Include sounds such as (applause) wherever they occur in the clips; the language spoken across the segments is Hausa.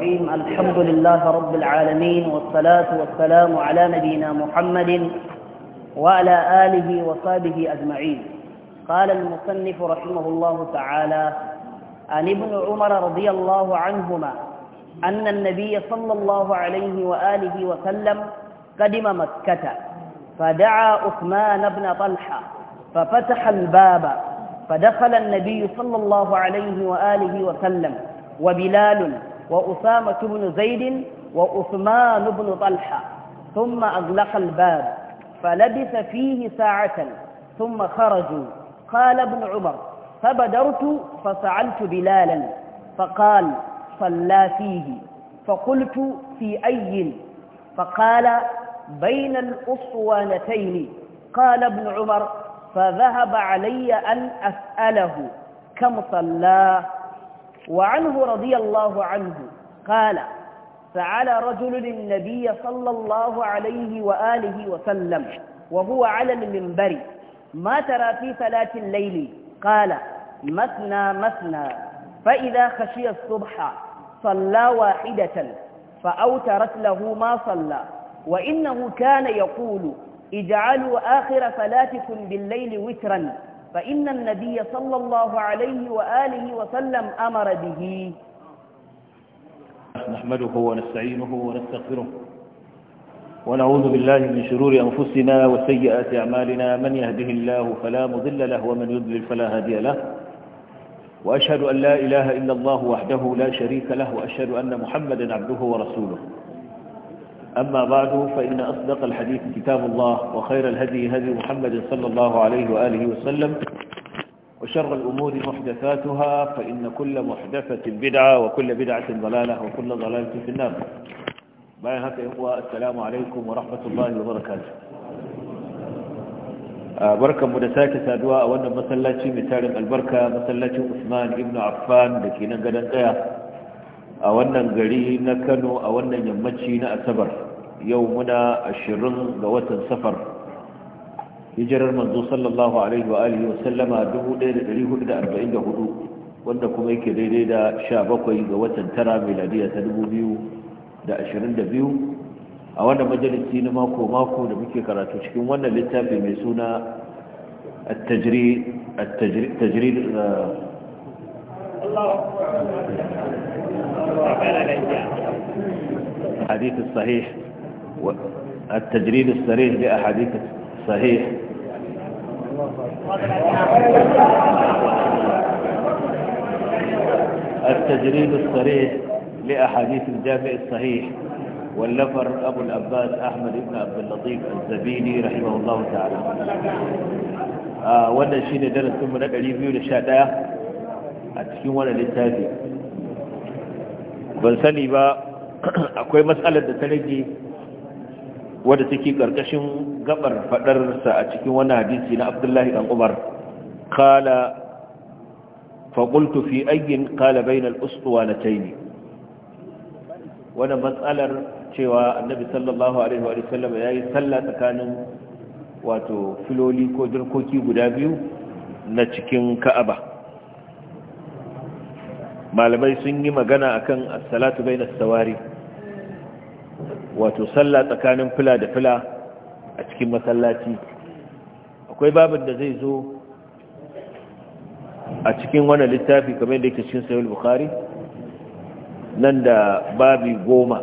الرحيم الحمد لله رب العالمين والصلاة والسلام على نبينا محمد وعلى آله وصحبه أجمعين قال المصنف رحمه الله تعالى عن ابن عمر رضي الله عنهما أن النبي صلى الله عليه وآله وسلم قدم مكة فدعا عثمان بن طلحة ففتح الباب فدخل النبي صلى الله عليه وآله وسلم وبلال وأسامة بن زيد وأثمان بن طلحة ثم أغلق الباب فلبث فيه ساعة ثم خرجوا قال ابن عمر فبدرت فسألت بلالا فقال صلى فيه فقلت في أي فقال بين الأصوانتين قال ابن عمر فذهب علي أن أسأله كم صلى وعنه رضي الله عنه قال فعلى رجل النبي صلى الله عليه وآله وسلم وهو على المنبر ما ترى في صلاة الليل قال مثنى مثنى فإذا خشي الصبح صلى واحدة فأوترت له ما صلى وإنه كان يقول اجعلوا آخر صلاتكم بالليل وترا فإن النبي صلى الله عليه وآله وسلم أمر به نحمده ونستعينه ونستغفره ونعوذ بالله من شرور أنفسنا وسيئات أعمالنا من يهده الله فلا مضل له ومن يضلل فلا هادي له وأشهد أن لا إله إلا الله وحده لا شريك له وأشهد أن محمدا عبده ورسوله أما بعد فإن أصدق الحديث كتاب الله وخير الهدي هدي محمد صلى الله عليه وآله وسلم وشر الأمور محدثاتها فإن كل محدثة بدعة وكل بدعة ضلالة وكل ضلالة في النار باين هكا إخوة السلام عليكم ورحمة الله وبركاته آه، بركة مدساكة سادواء وأن مسلاتي مثال البركة مسلاتي عثمان ابن عفان لكي نقدر a wannan gari na kano a wannan yammaci na asabar yau muna ashirin ga watan safar hijirar manzo sallallahu alaihi wa alihi wa sallama 1444 wanda kuma yake daidai da 17 ga watan tara miladiya ta 2022 a wannan majalisi na mako mako da muke karatu cikin wannan littafi mai suna التجريد التجريد الحديث الصحيح والتجريد الصريح بأحاديث الصحيح التجريد الصريح لأحاديث الجامع الصحيح واللفر أبو العباس أحمد بن عبد اللطيف الزبيني رحمه الله تعالى آه وانا درس ثم نقل يبيو للشهداء a cikin wani littafi ban sani ba (clears throat) akwai matsalar da ta rage wadda take ƙarƙashin gabar faɗarsa a cikin wani hadisi na abdullahi ɗan umar kala faƙultu fi ayyin kala bainal ustuwa na taimi wani matsalar cewa annabi sallallahu alaihi wa sallam ya yi sallah tsakanin wato filoli ko jirkoki guda biyu na cikin ka'aba malamai sun yi magana akan as-salatu bayna as-sawari wato sallah tsakanin fila da fila a cikin masallaci akwai babin da zai zo a cikin wannan littafi kamar yadda yake cikin sahih bukhari nan da babi goma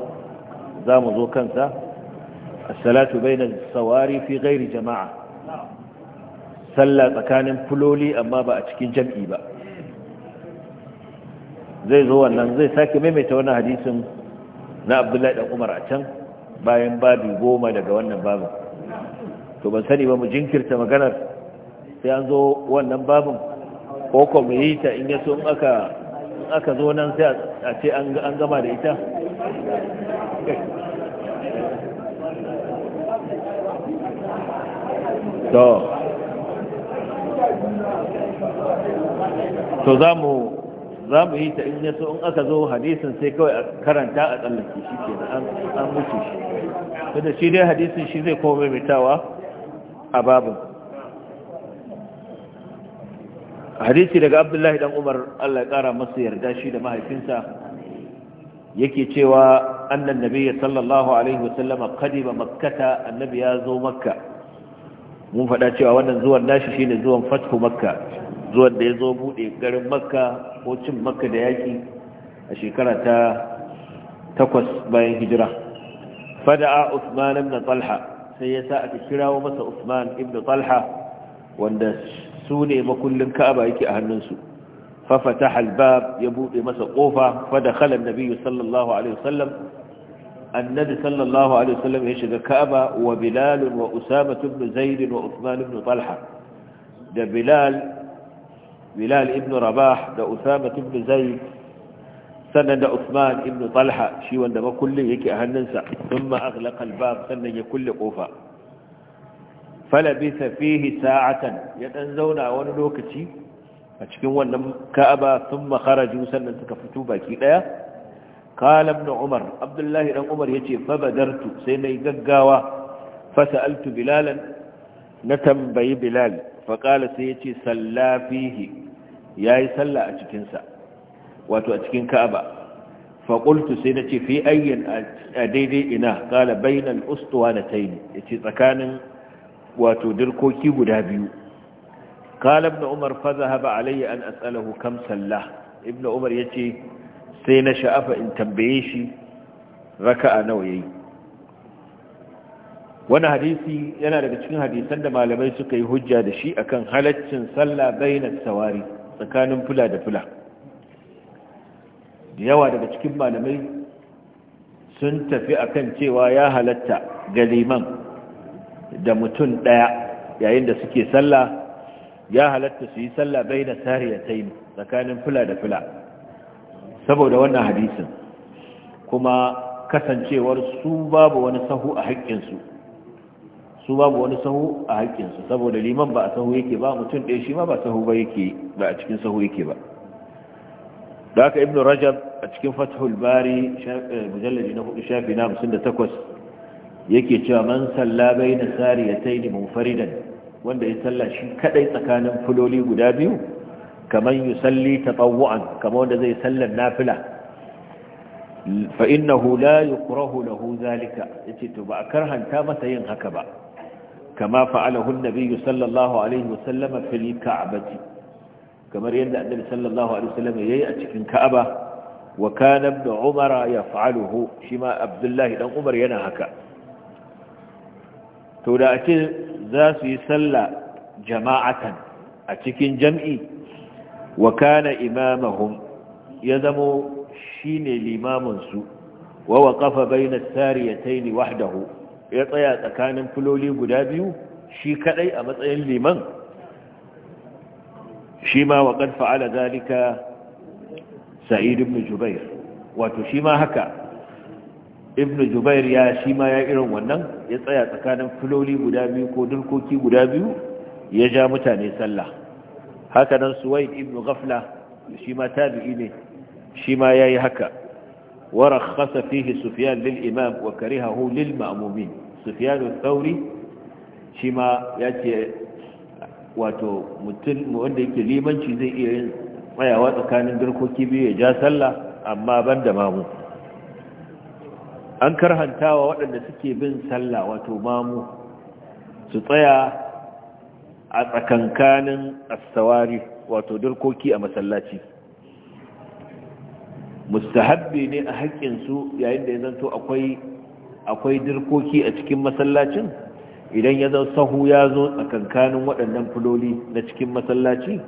za mu zo kansa as-salatu bayna as-sawari fi ghairi jama'a sallah tsakanin fuloli amma ba a cikin jam'i ba zai zo wannan zai sake maimaita wani hadisin na abdullahi dan umar a can bayan babi goma daga wannan babin to ban sani ba mu jinkirta maganar sai an zo wannan babin ko ko mu yi ta in yaso in aka in aka zo nan sai a ce an gama da ita to za mu za mu yi ta in yaso in aka zo hadisin sai kawai a karanta a tsallake shi ke an mutu shi da shi dai hadisin shi zai koma maimaitawa a babu hadisi daga abdullahi dan umar allah ya kara masa yarda shi da mahaifinsa yake cewa annan nabiya sallallahu alaihi wasallama ba makkata annabi ya zo makka mun faɗa cewa wannan zuwan nashi shine zuwan fathu makka zuwan da ya zo buɗe garin makka ko cin makka da yaƙi a shekara ta takwas bayan hijira fada'a usman ibn talha sai yasa sa aka kirawo masa usman ibn talha wanda su ne makullin ka'aba yake a hannunsu fafata halbab ya buɗe masa ƙofa fada halar nabiyu sallallahu alaihi wasallam annabi sallallahu alaihi wasallam ya shiga ka'aba wa bilal wa usama ibn zaid wa usman ibn talha da bilal bilal ibn rabah da usama ibn zayd sannan da usman ibn talha shi wanda makullin yake a hannunsa thumma aghlaqa al sannan ya kulle kofa falabisa fihi sa'atan ya dan zauna wani lokaci a cikin wannan ka'aba thumma kharaju sannan suka fito baki daya qala ibn umar abdullahi dan umar yace fa badartu sai nayi gaggawa fa sa'altu bilalan na tambayi bilal fa sai yace ce fihi ya yi sallah a cikinsa wato a cikin ka'aba faƙultu sai na ce fi ayyan a daidai ina ƙala bainal ustuwa na taini ya ce tsakanin wato dirkoki guda biyu ƙala umar faza haɓa alayya an as'alahu kam sallah ibn umar ya ce sai na sha'afa in tambaye shi raka'a nawa yayi wani hadisi yana daga cikin hadisan da malamai suka yi hujja da shi akan halaccin sallah bainas sawari tsakanin fula da fula da yawa daga cikin malamai sun tafi akan cewa ya halatta galiman da mutum ɗaya yayin da suke sallah ya halatta su yi sallah bai da sariyatai tsakanin fula da fula saboda wannan hadisin kuma kasancewar su babu wani sahu a haƙƙinsu su babu wani sahu a haƙƙinsu saboda liman ba a sahu yake ba mutum ɗaya shi ma ba sahu ba yake ba a cikin sahu yake ba da haka ibn rajab a cikin fathul bari eh, mujallaji na hudu shafi na hamsin da takwas yake cewa man salla bai na sariyatai ne munfaridan wanda ya salla shi kadai tsakanin fuloli guda biyu kamar yi salli ta tsawon kamar wanda zai sallan nafila fa'innahu la yi kurahu hu zalika ya ce to ba a karhanta masa yin haka ba كما فعله النبي صلى الله عليه وسلم في الكعبة كما يندى النبي صلى الله عليه وسلم يأتي في الكعبة وكان ابن عمر يفعله شما عبد الله بن عمر ينهك تولأتي ذات يسلى جماعة أتكين جمعي وكان إمامهم يذم شين الإمام سوء ووقف بين الساريتين وحده ya tsaya tsakanin filoli guda biyu shi kadai a matsayin liman shi ma wa kan fa'ala zalika ibn jubair wato shi ma haka ibn jubair ya shi ma ya irin wannan ya tsaya tsakanin filoli guda biyu ko dulkoki guda biyu ya ja mutane sallah haka nan suwaid ibn gafla shi ma tabi'i ne shi ma yayi haka ورخص فيه lil للإمام وكرهه للمأمومين سفيان الثوري شما yace wato mutum wanda yake limanci zai iya yin tsayawa tsakanin dirkoki biyu ya ja sallah amma ban da mamu an karhantawa waɗanda suke bin sallah wato mamu su tsaya a tsakankanin astawari wato dirkoki a masallaci mustahabbi ne a su yayin da ya zanto akwai dirkoki a cikin masallacin idan ya zan sahu ya zo tsakankanin waɗannan fuloli na cikin masallaci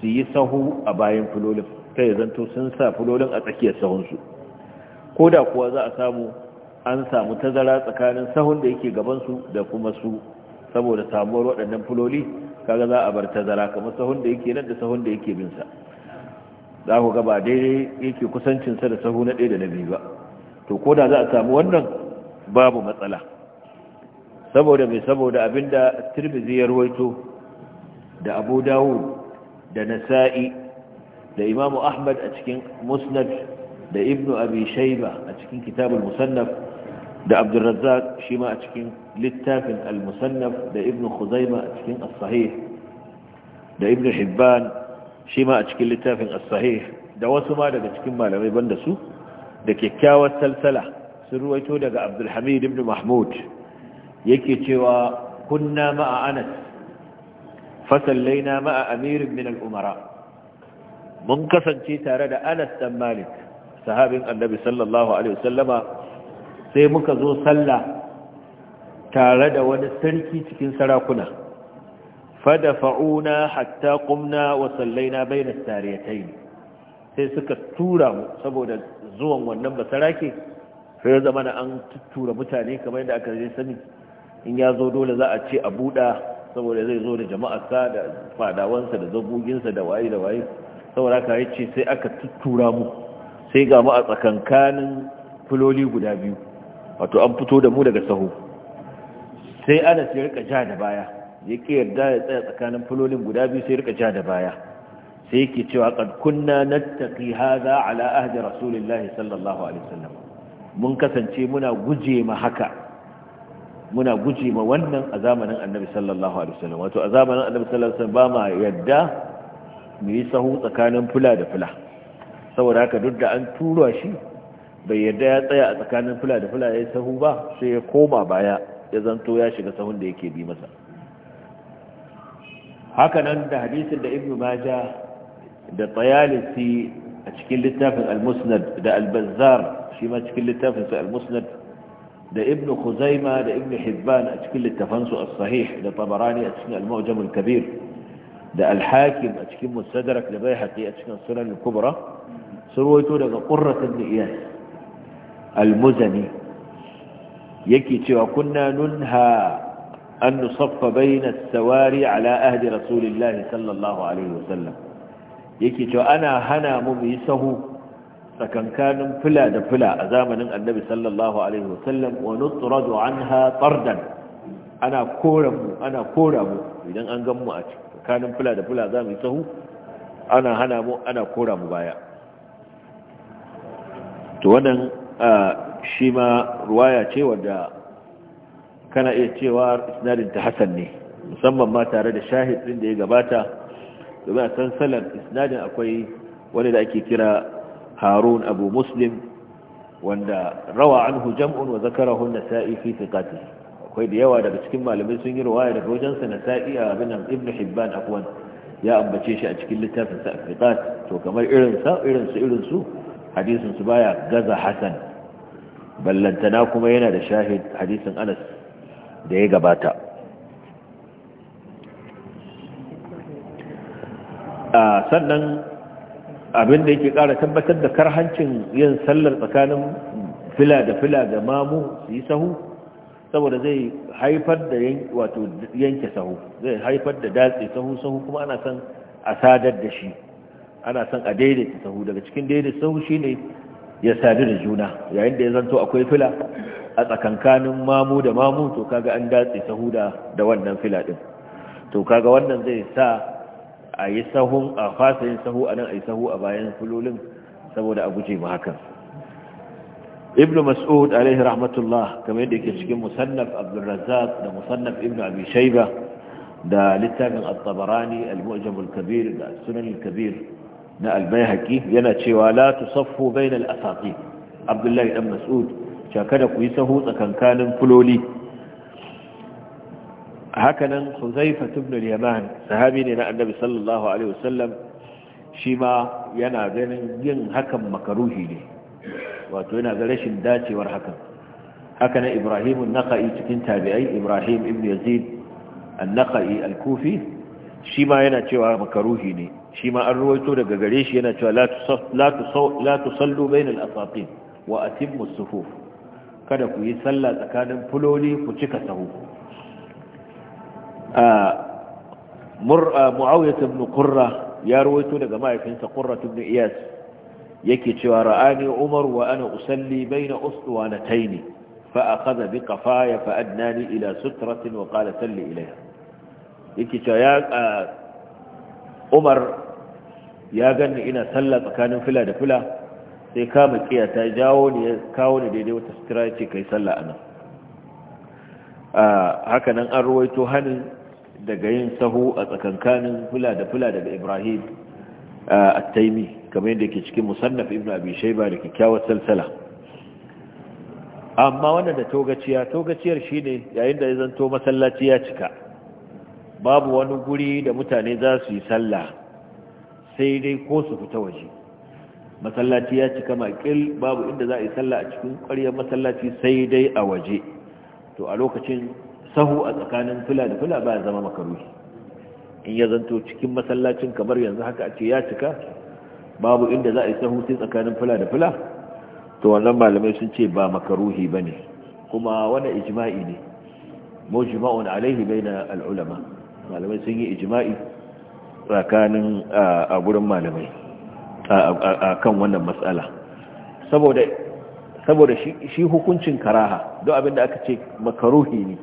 su yi sahu a bayan filolin ta ya zanto sun sa filolin a tsakiyar sahunsu ko da kuwa za a samu an samu tazara tsakanin sahun da yake gabansu da kuma su saboda samuwar waɗannan fuloli kaga za a bar tazara kamar sahun da yake nan da sahun da yake bin sa. za ku gaba daidai yake kusancinsa da sahu na ɗaya da na biyu ba to ko da za a samu wannan babu matsala saboda mai saboda abinda tirmidhi ya ruwaito da abu dawud da nasa'i da imamu ahmad a cikin musnad da ibnu abi a cikin kitabul musannaf da abdurrazzak shi ma a cikin littafin al-musannaf da ibnu khuzaima a cikin as-sahih da ibnu hibban shi ma a cikin littafin as-sahih da wasu ma daga cikin malamai banda su da kyakkyawar salsala sun ruwaito daga abdulhamid ibn mahmud yake cewa kunna ma'a anas fasallaina ma'a amirin min al-umara mun kasance tare da anas dan malik sahabin annabi sallallahu alaihi wasallama sai muka zo sallah tare da wani sarki cikin sarakuna fadafa'una hatta qumna wa sallaina bayna sariyatayn sai suka tura mu saboda zuwan wannan basarake sai ya zama an tura mutane kamar yadda aka je sani in ya zo dole za a ce a buɗa saboda zai zo da sa da fadawansa da sa da waye da waye saboda ka yace sai aka tuttura mu sai ga mu a tsakankanin filoli guda biyu wato an fito da mu daga saho sai ana ya rika ja da baya ya ke yarda ya tsaya tsakanin filolin guda biyu sai rika ja da baya sai yake cewa kad kunna nattaqi hadha ala ahdi rasulillah sallallahu alaihi wasallam mun kasance muna guje ma haka muna guje ma wannan a zamanin annabi sallallahu alaihi wasallam wato a zamanin annabi sallallahu alaihi wasallam ba ma yarda mu yi sahu tsakanin fula da fula saboda haka duk da an tura shi bai yarda ya tsaya a tsakanin fula da fula ya yi sahu ba sai ya koma baya ya zanto ya shiga sahun da yake bi masa Hakanan da hadisin da Ibn maja da tayalisi a cikin littafin al-musnad da al-bazzar shi ma cikin littafin su al-musnad da Ibn khuzaima da Ibn hibban a cikin littafan su as-sahih da tabarani a cikin al-mu'jam al-kabir da al-hakim a cikin mustadrak da baihaqi a cikin sunan al-kubra surwaito daga qurrat ibn iyas al-muzani yake cewa kunna nunha أن نصف بين السواري على أهل رسول الله صلى الله عليه وسلم yake cewa ana hana mu mu yi sahu tsakankanin fila da fila a zamanin annabi sallallahu alaihi wasallam wa nutradu anha tardan ana kora mu ana kora mu idan an gan mu a tsakanin fila da fila za mu yi sahu ana hana mu ana kora mu baya to wannan shi ma ruwaya ce kana iya cewa isnadin ta hasan ne musamman ma tare da shahid din da ya gabata domin a san salar isnadin akwai wani da ake kira harun abu muslim wanda rawa anhu jam'un wa zakarahu nasa'i fi thiqati akwai da yawa daga cikin malamai sun yi riwaya daga wajen sa sa'i a bin ibn hibban afwan ya ambace shi a cikin littafin sa thiqat to kamar irin su hadisin su baya gaza hasan ballantana kuma yana da shahid hadisin anas da ya gabata sannan abin da yake kara tabbatar da karhancin yin sallar tsakanin fila da fila da mamu su yi sahu saboda zai haifar da yanke sahu zai haifar da datse sahu sahu kuma ana son a sadar da shi ana son a daidaita sahu daga cikin daidaita sahu shine ya sadu da juna yayin da ya zanto akwai fila a tsakankanin mamu da mamu to kaga an datse sahu da da wannan fila din to kaga wannan zai sa a yi sahun a fasa yin sahu a nan a yi sahu a bayan filolin saboda a guje ma hakan ibnu mas'ud alaihi rahmatullah kamar yadda yake cikin musannaf abdurrazzaq da musannaf ibnu abi shayba da littafin at-tabarani al-mu'jam al-kabir da sunan al-kabir na al-bayhaqi yana cewa la tusaffu bayna al-asaqi abdullahi dan mas'ud kada ku yi sahu tsakankanin fuloli hakanan zai ibn al-yaman sahabi ne na annabi sallallahu alaihi wasallam shi ma yana ganin yin hakan makaruhi ne wato yana ga rashin dacewar hakan hakanan ibrahim an-naqai cikin tabi'ai ibrahim ibn yazid an-naqai al-kufi shi ma yana cewa makaruhi ne shi ma an ruwaito daga gare shi yana cewa la tusallu bainal asatin wa atimmu as-sufuf kada ku yi sallah tsakanin fuloni ku cika sahu mu'awiyat ibn qurra ya ruwaito daga mahaifinsa qurra ibn iyas yake cewa ra'ani umar wa ana usalli baina uswanatayn fa akhadha bi ya fa adnani ila sutratin wa qala salli ilayha yake cewa ya umar ya ganni ina sallah tsakanin fila da fila sai kama kiya ta jawo ne ya kawo ne daidai wata sutura ce kai sallah a nan haka nan an ruwaito hannun daga yin sahu a tsakankanin fula da fula daga ibrahim a taimi kamar yadda ke cikin musannaf ibn abi shaiba da kyakkyawar salsala amma wannan da togaciya togaciyar shi ne yayin da ya zanto masallaci ya cika babu wani guri da mutane za su yi sallah sai dai ko su fita waje masallaci ya cika makil babu inda za a yi sallah a cikin ƙwaryar masallaci sai dai a waje to a lokacin sahu a tsakanin fila da fila ba ya zama makaruhi in ya zanto cikin masallacin kamar yanzu haka a ce ya cika babu inda za a yi sahu sai tsakanin fila da fila to wannan malamai sun ce ba makaruhi ba ne kuma wani ijma'i ne mujma'un alaihi na al'ulama malamai sun yi ijima'i tsakanin a gurin malamai a kan wannan matsala saboda shi hukuncin karaha don abinda aka ce makaruhi ne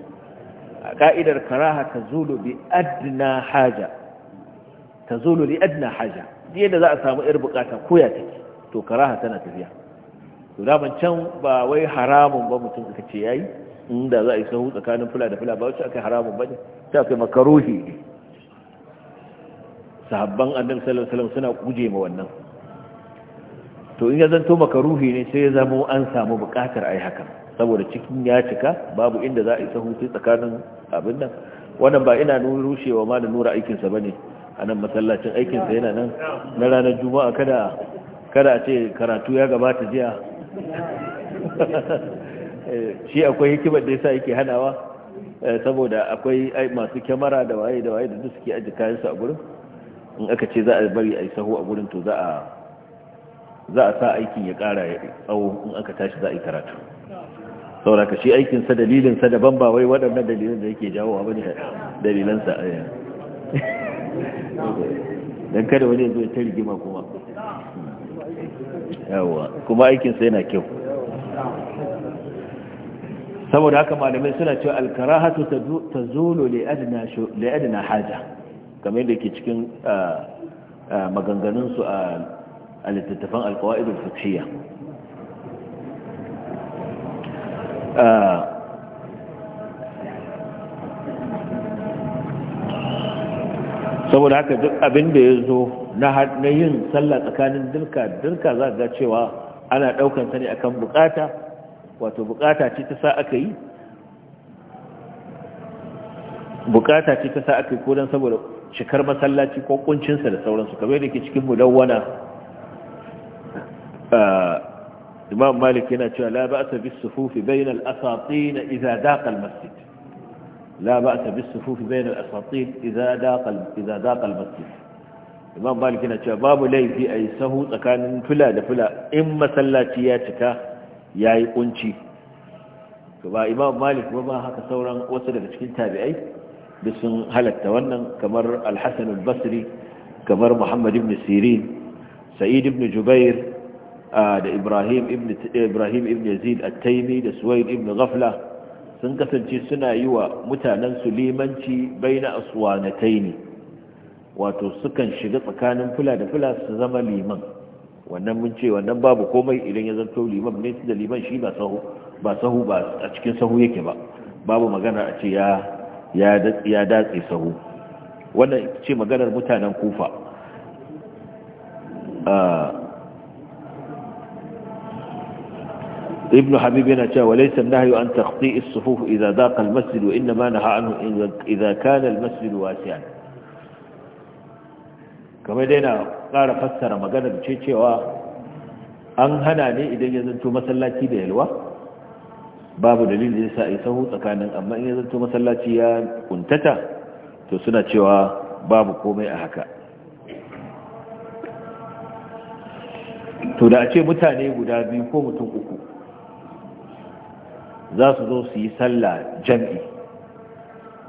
a ka'idar karaha ta zulu bi adina haja ta zulu bi adina haja yadda za a samu yar bukata koya take to karaha tana tafiya to daman can ba wai haramun ba mutum aka ce yi inda za a yi sahu tsakanin fula da fula ba wacce aka yi haramun ba ne Ta kai makaruhi ne sahabban annabi sallallahu alaihi wasallam suna guje ma wannan to in ya zanto ruhi ne sai ya zama an samu bukatar ai haka saboda cikin ya cika babu inda za a yi sahuti tsakanin abin nan wannan ba ina nuna rushewa ma da nura aikinsa ba ne a nan masallacin aikinsa yana nan na ranar juma'a kada kada a ce karatu ya gabata jiya (laughs) shi akwai hikimar da yasa yake hanawa eh, saboda akwai masu kyamara da waye da waye da duk suke aji kayansu a gurin in aka ce za a bari a yi sahu a gurin to za a za a sa aikin ya ƙara ya tsawo in aka tashi za a yi karatu sauraka shi aikinsa dalilinsa daban ba wai waɗannan dalilin da yake jawo abin da dalilansa a yana don kada wani yanzu ta rigima kuma yawa kuma aikinsa yana kyau saboda haka malamai suna cewa alkarahatu ta zolo li'adina haja kamar yadda ke cikin ah, ah, maganganunsu a a littattafan alkawa'idul saboda haka duk abin da ya zo na yin sallah tsakanin dirka dirka za ga cewa ana daukan sani akan bukata wato bukata ce ta sa aka yi bukata ce ta sa aka yi ko saboda cikar masallaci ko kuncinsa da sauransu kamar da ke cikin mudawwana الإمام آه، مالك هنا لا بأس بالصفوف بين الأساطين إذا ذاق المسجد لا بأس بالصفوف بين الأساطين إذا ذاق إذا ذاق المسجد الإمام مالك هنا باب لي في أي سهو تكان فلا لفلا إما سلاتياتك يا يقنشي كما إمام مالك وما هكا ثورا وصل لك كنت تابعي بسن هل التونا كمر الحسن البصري كمر محمد بن سيرين سعيد بن جبير da Ibrahim ibn Ibrahim ibn Yazid at-Taymi da Suwayd ibn Ghafla sun kasance suna yi wa mutanen su limanci baina aswanataini wato sukan shiga tsakanin fula da fula su zama liman wannan mun ce wannan babu komai idan ya zanto liman ne da liman shi ba sahu ba sahu ba a cikin sahu yake ba babu magana a ce ya ya datse sahu wannan ce maganar mutanen kufa ibnu habib yana cewa walaysa an-nahyu an taqti'i as-sufuf idza daqa al-masjid wa inma naha anhu idza kana al-masjid wasi'an kamar dai na ƙara fassara magana da ce cewa an hana ne idan ya zanto masallaci da yalwa babu dalilin da yasa ai sahu tsakanin amma in ya zanto masallaci ya kuntata to suna cewa babu komai a haka to da a ce mutane guda biyu ko mutum uku za su zo su yi sallah jam'i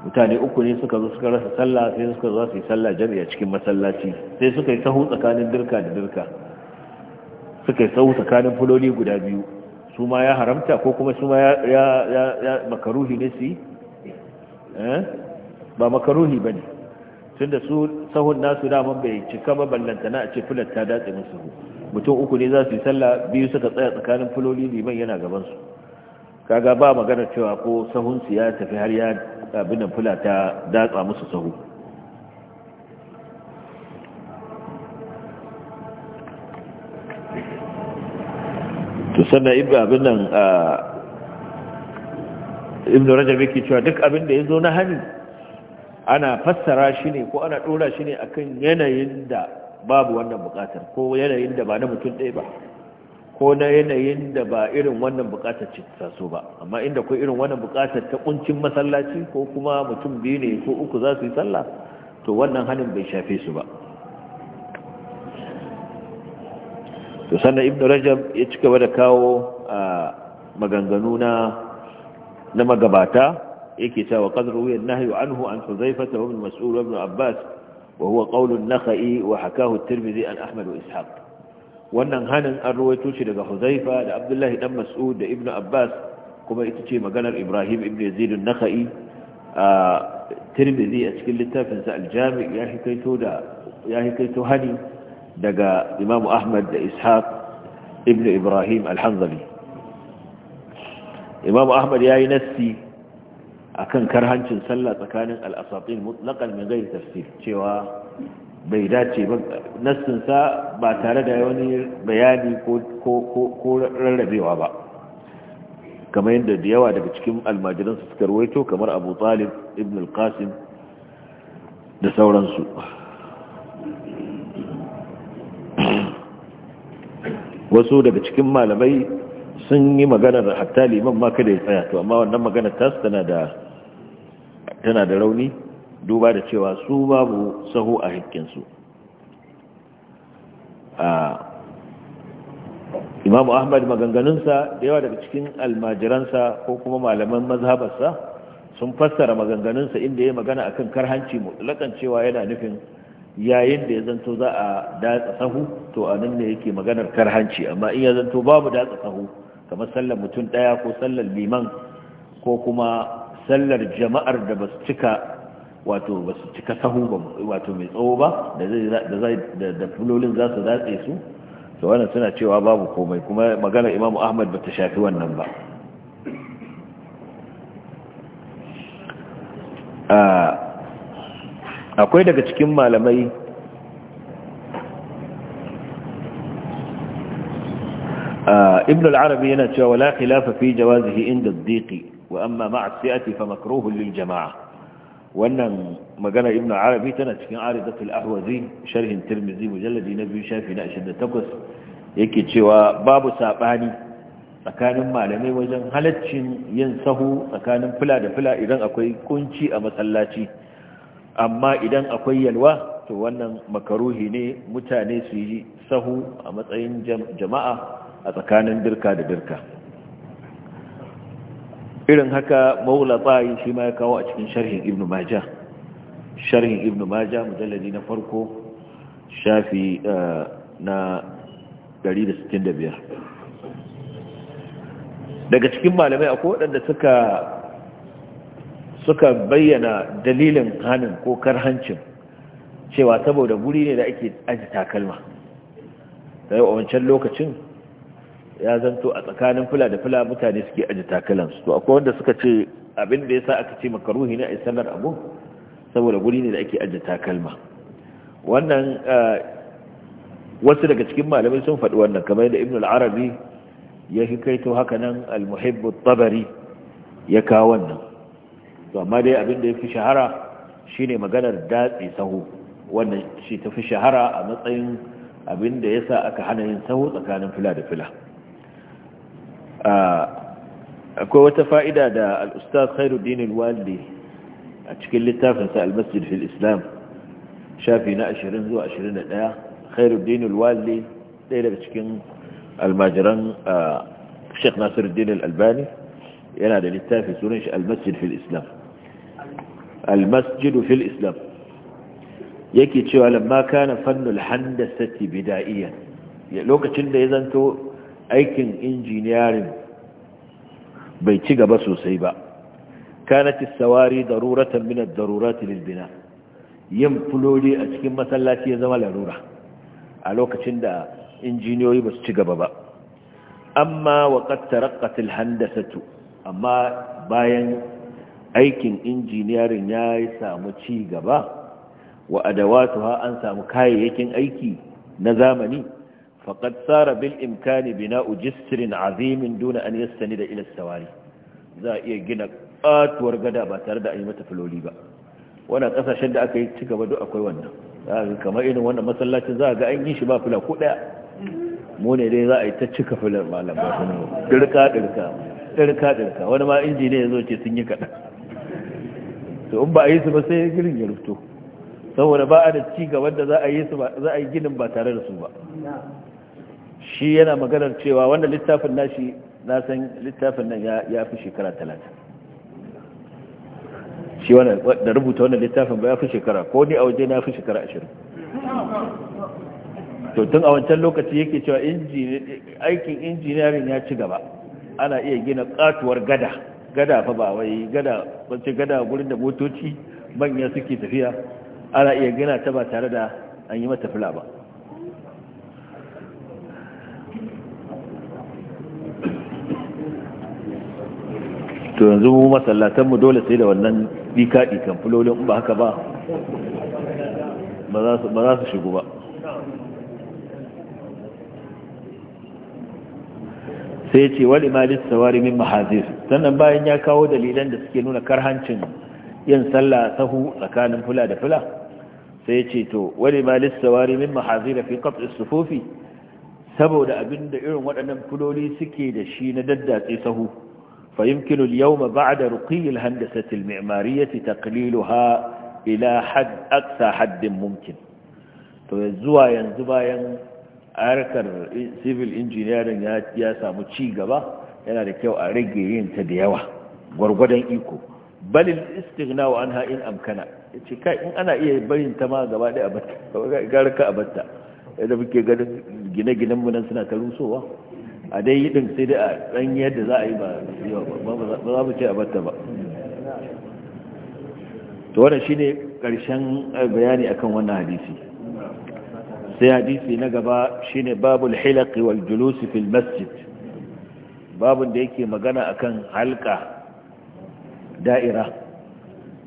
mutane uku ne suka zo suka rasa sallah sai suka zo su yi sallah jam'i a cikin masallaci sai suka yi sahu tsakanin dirka da dirka suka yi sahu tsakanin fuloni guda biyu su ma ya haramta ko kuma su ma ya makaruhi ne su yi eh? ba makaruhi ba ne tun da su sahun nasu daman bai cika ballanta na a ce fulat ta datse musu mutum uku ne za su yi sallah biyu suka tsaya tsakanin fuloli liman yana gabansu kaga ba magana cewa ko sahunsu ya tafi har ya abin da fula ta datsa musu sahu to sannan ibn abin nan ibn rajab yake cewa duk abin da ya zo na hannu ana fassara shi ne ko ana dora shi ne akan yanayin da babu wannan bukatar ko yanayin da ba na mutum ɗaya ba ko na yanayin da ba irin wannan bukatar ce ta ba amma inda ko irin wannan bukatar ta kuncin masallaci ko kuma mutum biyu ne ko uku za su yi sallah to wannan hannun bai shafe su ba to sannan ibn rajab ya ci gaba da kawo a maganganu na magabata yake cewa qadru wa nahyu anhu an huzaifa ibn mas'ud ibn abbas wa huwa qawlu an-nakhai wa hakahu at-tirmidhi an ahmad wa ishaq wannan hanin an ruwaito shi daga huzaifa da abdullahi dan mas'ud da ibnu abbas kuma ita ce maganar ibrahim ibn yazid an-nakhai a tirmidhi a cikin littafin sa al-jami' ya hikaito da ya hikaito hani daga imam ahmad da ishaq ibn ibrahim al-hanzali imam ahmad yayi nassi akan karhancin sallah tsakanin al-asatin mutlaqan min tafsir cewa bai dace ba nassinsa ba tare da wani bayani ko rarrabewa ba kamar yadda da yawa daga cikin almajiransu suka ruwaito kamar abu talib ibn al-qasim da sauransu wasu daga cikin malamai sun yi maganar hatta liman ma kada ya tsaya to amma wannan maganar tasu tana da rauni duba da cewa su babu sahu a hakkinsu imamu ahmad maganganunsa da yawa daga cikin almajiransa ko kuma malaman mazhabarsa sun fassara maganganunsa inda ya magana akan karhanci mutlakan cewa yana nufin yayin da ya zanto za a datsa sahu to a nan ne yake maganar karhanci amma in ya zanto babu datsa sahu kamar sallar mutum ɗaya ko sallar liman ko kuma sallar jama'ar da ba su cika wato ba su cika sahu ba wato mai tsawo ba da zai da fulolin za su datse su da wannan suna cewa babu komai kuma maganar imamu ahmad ba ta shafi wannan ba akwai daga cikin malamai ibn al-arabi yana cewa wala khilafa fi jawazihi inda dhiqi wa amma ma'a as fa makruhun lil jama'a wannan magana ibn arabi tana cikin aridatul ahwazi sharhin tirmizi mujalladi na biyu shafi na 28 yake cewa babu sabani tsakanin malamai wajen halaccin yin sahu tsakanin fula da fula idan akwai kunci a masallaci amma idan akwai yalwa to wannan makaruhi ne mutane su yi sahu a matsayin jama'a a tsakanin dirka da dirka irin haka maula tsayi shi ma ya kawo a cikin sharhin ibn majah sharhin ibn majah mujalladi na farko shafi eh, na 165 daga cikin malamai akwai waɗanda suka suka bayyana dalilin hannun ko karhancin cewa saboda guri ne da ake aji takalma da a wancan lokacin ya zanto a tsakanin fula da fula mutane suke aji takalansu to akwai wanda suka ce abin da ya sa aka ce makaruhi ne a sallar abu saboda guri ne da ake aji takalma wannan eh, wasu daga cikin malamai sun faɗi wannan kamar da ibn al-arabi ya kaito haka nan al-muhibbu tabari ya kawo wannan to amma dai abin da ya fi shahara shine maganar datsi sahu wannan shi ta fi shahara a matsayin abin da ya sa aka hana yin sahu tsakanin fila da fila akwai wata fa'ida da al'ustar khairuddin al-waldi a cikin littafinsa al-masjid fil islam shafi na 20 zuwa 21 khairuddin al-waldi ɗaya daga cikin almajiran sheikh nasiruddin al-albani yana da littafi sunan shi al-masjid fil islam al-masjid fil islam yake cewa lamma kana fannul sati bida'iyan lokacin da ya zanto aikin injiniyarin bai ci gaba sosai ba ci sawari daruratan min ad-darurati bina yin fulori a cikin masallaci ya zama larura a lokacin da injiniyoyi ba su ci gaba ba amma wa qad taraqqat al-handasatu amma bayan aikin injiniyarin ya samu ci gaba wa adawatuha an samu kayayyakin aiki na zamani faqad sara bil imkani bina'u jisrin azimin duna an yastanida ila sawari za a iya gina katuwar gada ba tare da an mata filoli ba wannan kasashen da aka yi ci gaba duk akwai wannan kamar irin wannan masallacin za ga an yi shi ba fila daya mu ne dai za a yi ta cika filar malam ba sunan dirka dirka dirka dirka wani ma inji ne ce sun yi kaɗan to in ba a yi su ba sai girin ya saboda ba a da ci da za a yi ginin ba tare da su ba shi yana maganar cewa wanda littafin nashi na san littafin nan ya fi shekara talata shi da rubuta wannan littafin ba ya fi shekara ko ni a waje na fi shekara ashirin to tun a wancan lokaci yake cewa aikin injiniyarin ya ci gaba ana iya gina katuwar gada gada fa ba wai gada wacce gada gurin da motoci manya suke tafiya ana iya gina ta ba tare da an yi mata fila ba to yanzu mu masallatanmu dole sai da wannan dikaɗi kan fulolin ba haka ba ba za su shigo ba sai ce wali malis sawari min mahazir sannan bayan ya kawo dalilan da suke nuna karhancin yin sallah sahu tsakanin fula da fula sai ce to wali malis sawari min mahazir fi qat'is sufufi saboda abinda irin waɗannan fuloli suke da shi na daddatse sahu فيمكن اليوم بعد رقي الهندسة المعمارية تقليلها إلى حد أقصى حد ممكن توزوا yanzu bayan harkar civil engineering ya samu ci gaba yana da kyau a rage yin da yawa gwargwadon iko balil istighna'u anha in amkana in ana iya barin ta ma gaba da abatta garka abatta da muke ganin gine-ginen mu suna ta rusowa a dai yi ɗin sai dai a ɗan yadda za a yi ba za mu ce a batta ba to wadda shi ne ƙarshen eh, bayani akan wannan hadisi sai hadisi na gaba shi ne babul hilaki wal julusi fil masjid babun da yake magana akan halka da'ira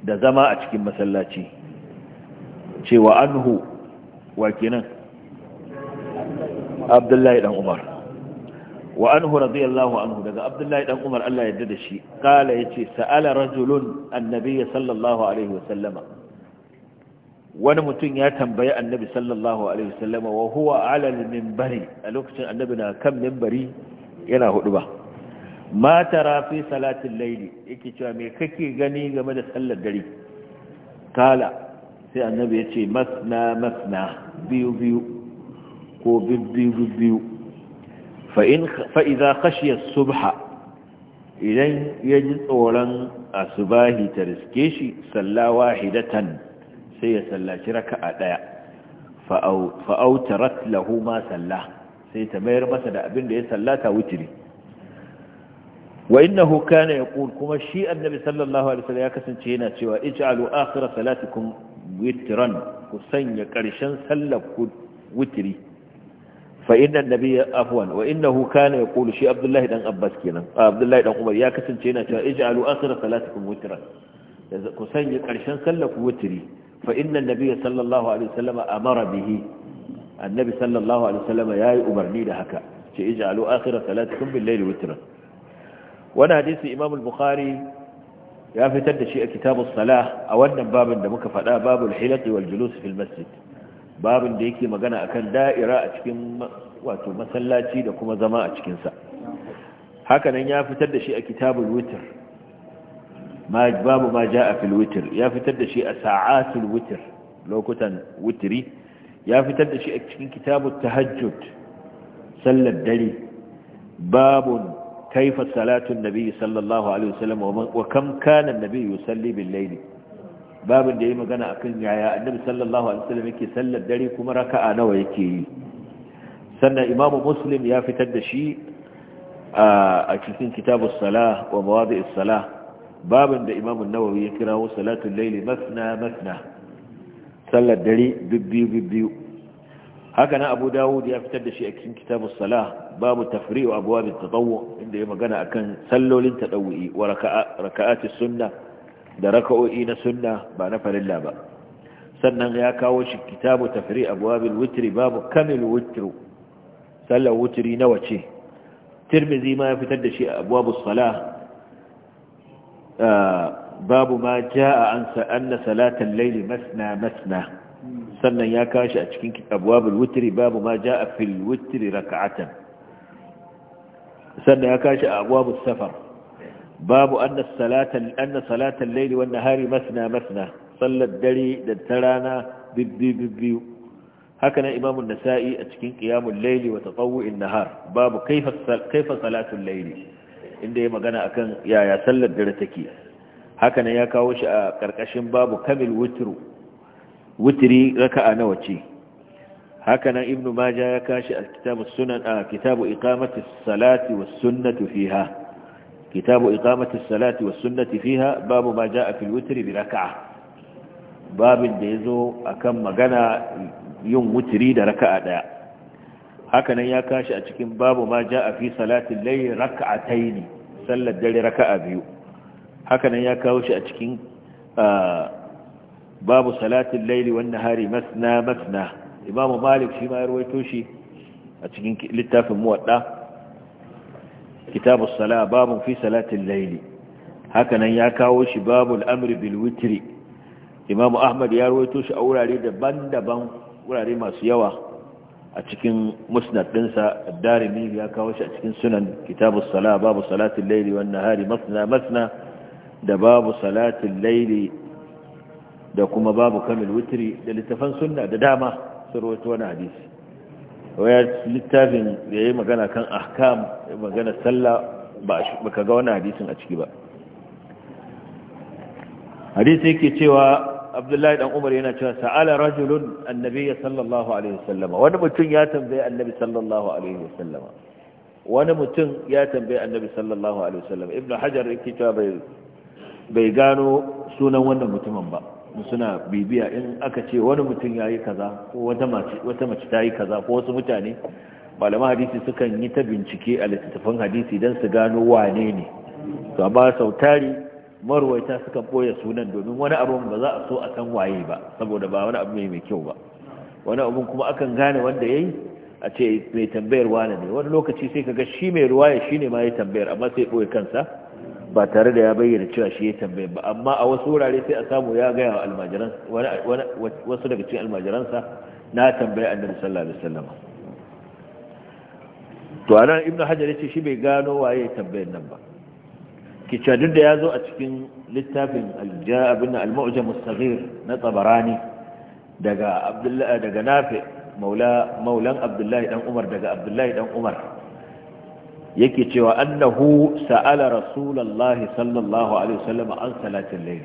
da zama a cikin masallaci cewa anhu wa kenan abdullahi dan umar wa anhu radiyallahu anhu daga abdullahi dan umar Allah ya da shi kala yace sa'ala rajulun annabi sallallahu alaihi wa sallama wani mutum ya tambayi annabi sallallahu alaihi wa sallama wa huwa ala al-minbari a lokacin annabi na kan minbari yana hudu ba ma tara fi salatin layli yake cewa me kake gani game da sallar dare kala sai annabi yace masna masna biyu biyu ko biyu biyu fa'iza khashiyar subha idan ya ji tsoron asubahi ta riske shi sallawa hidatan sai ya sallaci raka a ɗaya fa'autarat lahu ma sallah sai ta mayar masa da abin da ya sallata wutiri wa innahu kana yaqul kuma shi annabi sallallahu alaihi wasallam ya kasance yana cewa ij'alu akhir salatikum witran ku sanya karshen sallar ku wutiri فإن النبي عفوا وإنه كان يقول شيء عبد الله بن عباس كنا عبد الله بن عمر يا كسنتي اجعلوا آخر صلاتكم وترا ku sanya ƙarshen sallar ku fa inna nabiyya sallallahu alaihi wasallama amara bihi annabi sallallahu alaihi wasallama yayi umarni da haka ce ij'alu akhira salatikum bil layli witra wani hadisi imam al ya fitar da shi a kitabus salah a wannan babin da muka faɗa babul hilaqi wal julus fil masjid babin da yake magana akan da'ira a cikin wato masallaci da kuma zama a cikinsa hakanan ya fitar da shi a kitabul witr babu ma ja'a fil witr ya fitar da shi a sa'atul witr lokutan witri ya fitar da shi a cikin kitabut tahajjud sallar dare babu kaifa salatun nabi sallallahu alaihi wasallam wa kam kana nabi yusalli bil layli babin da ya magana akan yaya annabi sallallahu alaihi wasallam yake sallar dare kuma raka'a nawa yake yi sannan imam muslim ya fitar da shi a cikin kitabus salah wa mawadi'us salah babin da imam nawawi ya kirawo salatul laili masna masna sallar dare bibbiyu bibbiyu haka na abu dawud ya fitar da shi a cikin kitabus salah babu tafri'u abwabit tatawwu inda ya magana akan sallolin tadawwi wa raka'atis sunnah da raka'o'i na sunna ba na farilla ba sannan ya kawo shi kitabu tafri abwabil witri babu kamil witru sallar witri na wace tirmizi ma ya fitar da shi a abwabus salah ah, babu ma jaa an anna salatal layli masna masna sannan ya kawo shi a cikin abwabul witri babu ma jaa fil witri raka'atan sannan ya kawo shi a abwabus safar babu annan salatan laili wanda hari masna masna tsallar dare da ta rana biyu haka nan imamun nasa'i a cikin kiyamun laili wata tsawo'in nahar babu kaifa salatun laili inda ya magana akan yaya sallar dare take haka nan ya kawo shi a karkashin babu kamil wuturu raka'a nawa ce? haka nan ibn maja ya kashi a kitabu iqamati salati wa sunnatu fiha. كتاب إقامة الصلاة والسنة فيها باب ما جاء في الوتر بركعة باب ديزو أكم مغانا يوم وتري دا ركعة دا هكذا ياكاش أتكين باب ما جاء في صلاة الليل ركعتين صلى الدل ركعة بيو هكذا ياكاش أتكين آه باب صلاة الليل والنهار مثنى مثنى إمام مالك شما يرويتوشي أتكين للتافي موطنة kitabu sala babun fi salatin layli hakanan ya kawo shi babul amri bil witri imam ahmad ya rawaito shi a wurare daban-daban wurare masu yawa a cikin musnad dinsa darimi ya kawo shi a cikin sunan kitabu sala babu salatin layli wan nahari masna masna da babu salatin layli da kuma babu kamil witri da littafan sunna da dama sun rawaito wani hadisi waya littafin da ya yi magana kan ahkam magana sallah ba ka ga wani hadisin a ciki ba hadisi yake cewa abdullahi dan umar yana cewa sa'ala rajulun annabiyya sallallahu alaihi wasallam wani mutum ya tambaye annabi sallallahu alaihi wasallam wani mutum ya tambaye annabi sallallahu alaihi wasallam ibnu hajar yake cewa bai bai gano sunan wannan mutumin ba suna bibiya in aka ce wani mutum ya yi kaza ko wata mace ta yi kaza ko wasu mutane malaman hadisi sukan yi ta bincike a littattafan hadisi don su gano wane ne to amma sau tari marwaita suka boye sunan domin wani abun ba za a so a san waye ba saboda ba wani abu mai mai kyau ba wani abu kuma akan gane wanda ya yi a ce mai tambayar wane ne wani lokaci sai ka ga shi mai ruwaya shi ne ma ya tambayar amma sai ya ɓoye kansa ba tare da ya bayyana cewa shi ya tambaye ba amma a wasu wurare sai a samu ya gaya wa wasu daga cikin almajiransa na tambaye annabi sallallahu alaihi wasallam to anan ibnu hajar yace shi bai gano waye tambayar nan ba kica duk da yazo a cikin littafin al-jaa' bin al-mu'jam as-saghir na tabarani daga abdullahi daga nafi maula maulan abdullahi dan umar daga abdullahi dan umar yake cewa annahu sa'ala rasulullahi sallallahu alaihi wasallam an salatin layl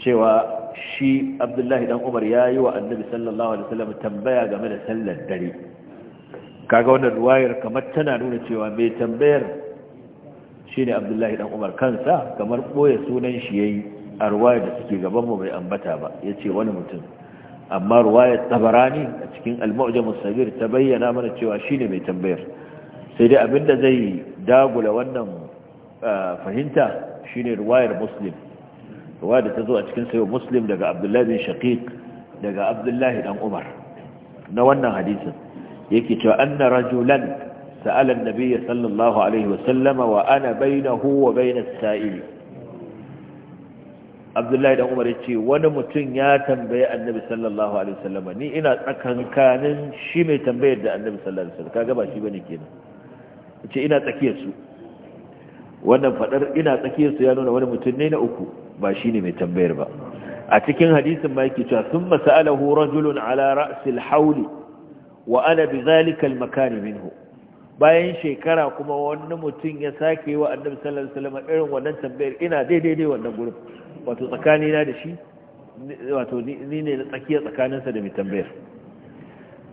cewa shi abdullahi dan umar ya yi wa annabi sallallahu alaihi wasallam tambaya game da sallar dare kaga wannan ruwayar kamar tana nuna cewa mai tambayar shine abdullahi dan umar kansa kamar boye sunan shi yayi a ruwayar da suke gaban mu bai ambata ba yace wani mutum amma ruwayar tabarani a cikin al-mu'jam as sabir ta bayyana mana cewa shine mai tambayar sai dai abinda zai dagula wannan fahimta shine ruwayar muslim ruwa da ta zo a cikin sayo muslim daga abdullahi bin shaqiq daga abdullahi dan umar na wannan hadisin yake cewa anna rajulan sa'ala an-nabiy sallallahu alaihi wa sallama wa ana bainahu wa bain as-sa'il abdullahi dan umar yace wani mutum ya tambaye annabi sallallahu alaihi wa sallama ni ina tsakankanin shi mai tambayar da annabi sallallahu alaihi wa sallam kaga ba shi bane kenan ce ina tsakiyarsu wannan fadar ina tsakiyarsu ya nuna wani mutum ne na uku ba shi ne mai tambayar ba a cikin hadisin ma yake cewa sun masa'alahu rajulun ala ra'sil hauli wa ana bi zalika al minhu bayan shekara kuma wani mutum ya sake wa annabi sallallahu alaihi wasallam irin wannan tambayar ina daidai dai wannan gurin wato tsakani na da shi wato ni ne na tsakiya tsakaninsa da mai tambayar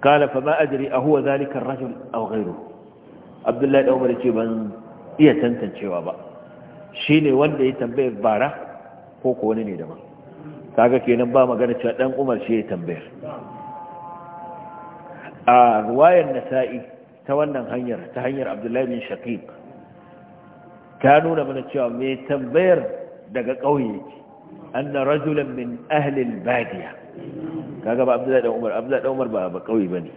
kala fa ma ajri ahuwa zalika ar-rajul aw ghayruhu abdullahi da umar ce ban iya tantancewa ba shi ne wanda ya tambayar bara ko ko wani ne daban kaga kenan ba magana cewa dan umar shi ya tambayar a ruwayar nasa'i ta wannan hanyar ta hanyar abdullahi bin shaqiq ta nuna mana cewa mai tambayar daga ƙauye yake anna rajulan min ahli al-badiya kaga ba abdullahi dan umar abdullahi dan umar ba ba ƙauye bane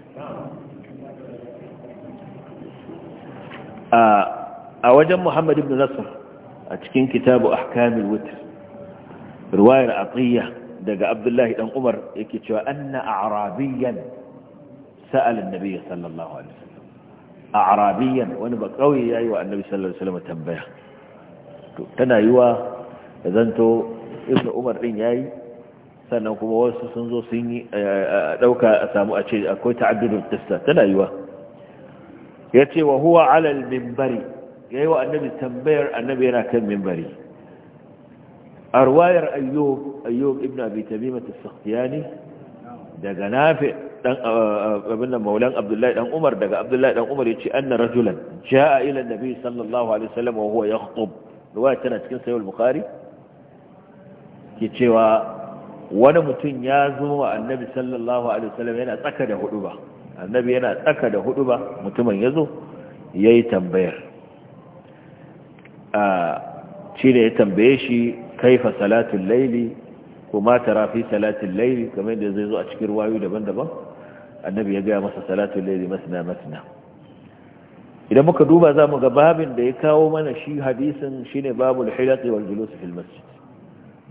a wajen muhammad ibn nasir a cikin kitabu ahkamul Wutar" riwayar atiya daga abdullahi dan umar yake cewa anna a'rabiyan sa'ala an-nabiy sallallahu alaihi A a'rabiyan wani ba ya yi wa annabi sallallahu alaihi wasallam tambaya to tana yiwa zanto ibn umar din yi, sannan kuma wasu sun zo sun yi dauka eh, eh, eh, a samu a ce akwai ta'addudul qissa tana yiwa ya ce wa huwa alal mimbari ya yi wa annabi tambayar annabi yana kan mimbari a ruwayar ayyub ayyub ibn abi tamima as-sakhtiyani daga nafi dan eh, eh, abin da maulan abdullahi dan umar daga abdullahi dan umar yace anna rajulan jaa ila annabi sallallahu alaihi wasallam wa huwa yakhutub ruwaya tana cikin sahih al-bukhari ke cewa wani mutum ya zo wa annabi sallallahu alaihi wasallam yana tsaka da hudu ba annabi yana tsaka da hudu ba mutumin ya zo ya yi tambayar a shi da ya tambaye shi kaifa salatun laili ko ma tara fi salatun laili kamar da zai zo a cikin wayo daban-daban annabi ya gaya masa salatun laili masina masina idan muka duba za mu ga babin da ya kawo mana shi hadisin shine babul hilaqi wal julusu fil masjid